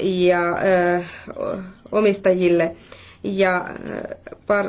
ja omistajille ja par,